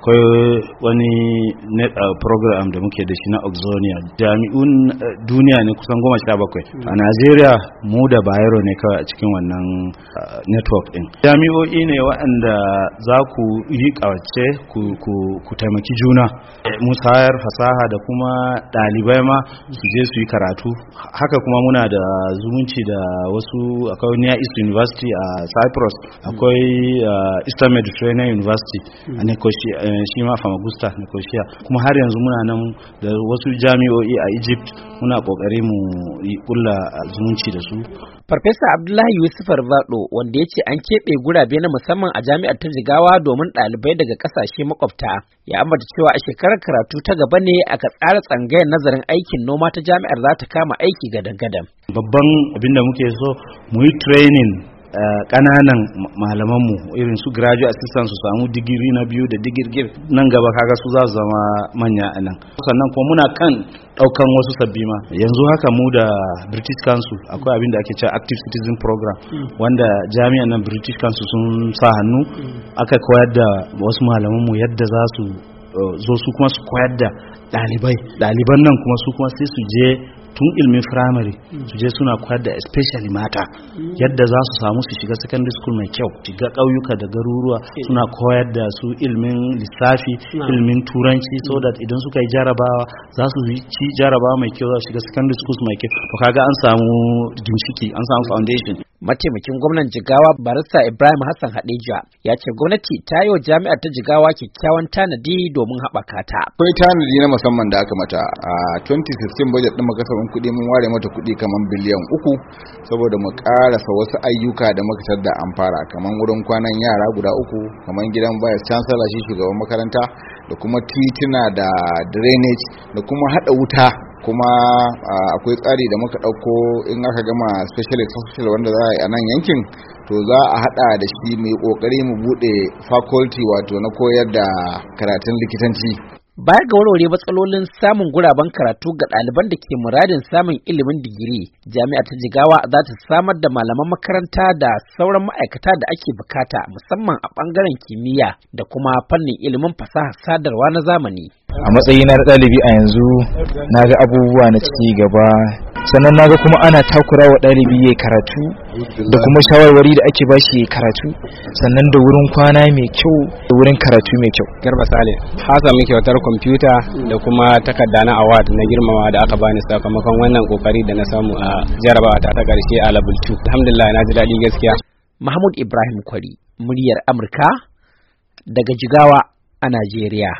akwai wani uh, program da muke da shi na oxonia jami'un uh, duniya ne kusan goma sha bakwai hmm. a najeriya mu da bayero ne kawai a cikin wannan uh, network din jami'o'i ne waɗanda za ku yi kawace ku taimaki juna musayar fasaha da kuma ɗalibai ma su je su yi karatu haka kuma muna da zumunci da wasu akwai near east university a cyprus hmm. akwai eastern mediterranean university hmm. a Eh, shi ma famagusta koshiya kuma har yanzu muna nan da wasu jami'o'i a egypt muna kokari mu kulla zumunci da su farfesa abdullahi yusuf Arvado wanda ya ce an keɓe gurabe na musamman a jami'ar ta jigawa domin ɗalibai daga ƙasashe makwabta ya ambata cewa a shekarar karatu ta gaba ne aka tsara tsangayar nazarin aikin noma ta jami'ar za ta kama aiki gadan-gadan babban abin da muke so mu yi training kananan malamanmu irin su graduate assistant su samu digiri na biyu da digirgir nan gaba kaga su za su zama manya a nan sannan kuma muna kan daukan wasu sabbi ma yanzu haka mu da british council akwai abin da ake cewa active citizen program wanda jami'an nan british council sun sa hannu aka koyar da wasu malamanmu yadda za su eh, zo su kuma su koyar da ɗalibai ɗaliban nan kuma su kuma sai su je tun ilmin firamare su je suna koyar da especially mata yadda za su samu su shiga secondary school mai kyau shiga ƙauyuka da garuruwa suna koyar da su ilmin lissafi ilmin turanci so that idan suka yi jarabawa za su ci jarabawa mai kyau za su shiga secondary school mai kyau to kaga an samu ginshiki an samu foundation mataimakin gwamnan jigawa barista ibrahim hassan hadeja ya ce gwamnati ta yi wa jami'ar ta jigawa kyakkyawan tanadi domin haɓaka ta akwai tanadi na musamman da aka mata a 2016 budget din makasarin kuɗi mun ware mata kuɗi kamar biliyan uku saboda mu ƙarasa wasu ayyuka da muka da an fara kamar wurin kwanan yara guda uku kamar gidan vice chancellor shi shugaban makaranta da kuma tituna da drainage da kuma haɗa wuta kuma akwai tsari da muka ɗauko in aka gama special social wanda za a yi a nan yankin to za a hada da shi mai kokari mu bude faculty wato na koyar da karatun likitanci baya ga warware matsalolin samun guraben karatu ga ɗaliban da ke muradin samun ilimin digiri jami'a ta jigawa za ta samar da malaman makaranta da sauran ma'aikata da ake bukata musamman a ɓangaren kimiyya da kuma fannin ilimin fasahar sadarwa na zamani a matsayi na ɗalibi a yanzu na ga abubuwa na ciki gaba sannan na ga kuma ana takura wa ɗalibi ya karatu da kuma shawarwari da ake bashi ya karatu sannan da wurin kwana mai kyau da wurin karatu mai kyau garba sale hasa min kyautar kwamfuta da kuma takarda na award na girmama da aka bani sakamakon wannan kokari da na samu a jarabawa ta ta karshe a level 2 alhamdulillah na ji daɗi gaskiya mahmud ibrahim kwari muryar amurka daga jigawa a najeriya